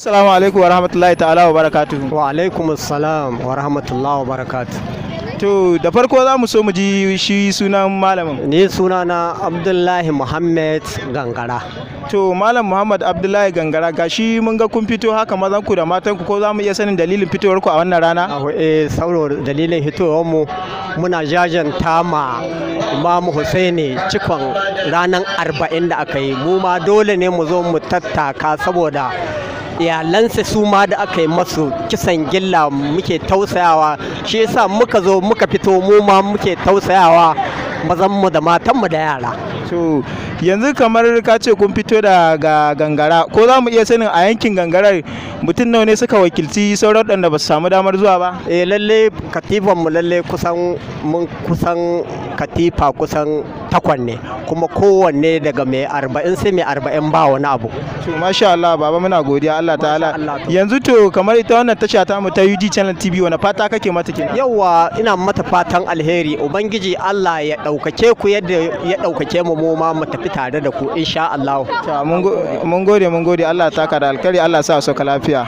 Assalamu alaikum wa rahmatullahi ta'ala wa barakatuhu. Wa alaikum assalam wa rahmatullahi wa barakatuhu. To da farko za mu so mu ji shi sunan malamin. Ni suna na Abdullahi Muhammad Gangara. To Malam Muhammad Abdullahi Gangara gashi mun ga kun fito haka mazan ku da matan ku ko za mu iya sanin dalilin fitowar ku a wannan rana? Ah eh sauro dalilin fitowar mu muna jajanta ma Imamu Husaini cikon ranar arba'in da aka yi mu ma dole ne mu zo mu tattaka saboda iyalansa su ma da aka yi masu kisan gilla muke tausayawa shi yasa muka zo muka fito mu ma muke tausayawa mazanmu da matanmu da yara to yanzu kamar ka ce kun fito daga gangara ko za mu iya sanin a yankin gangarar mutum nawa ne suka wakilci sauran waɗanda ba su samu damar zuwa ba eh lalle katifan mu lalle kusan mun kusan katifa kusan takwan ne kuma kowanne daga mai arba'in sai mai arba'in ba wani abu to masha Allah baba muna godiya Allah ta'ala yanzu to kamar ita wannan tasha ta mu ta UG channel TV wani fata kake mata kenan yawa ina mata fatan alheri ubangiji Allah ya daukake ku yadda ya daukake mu mu ma mu tafi tare da ku insha Allah mun gode mun gode Allah ta kada da alkari Allah sa su ka lafiya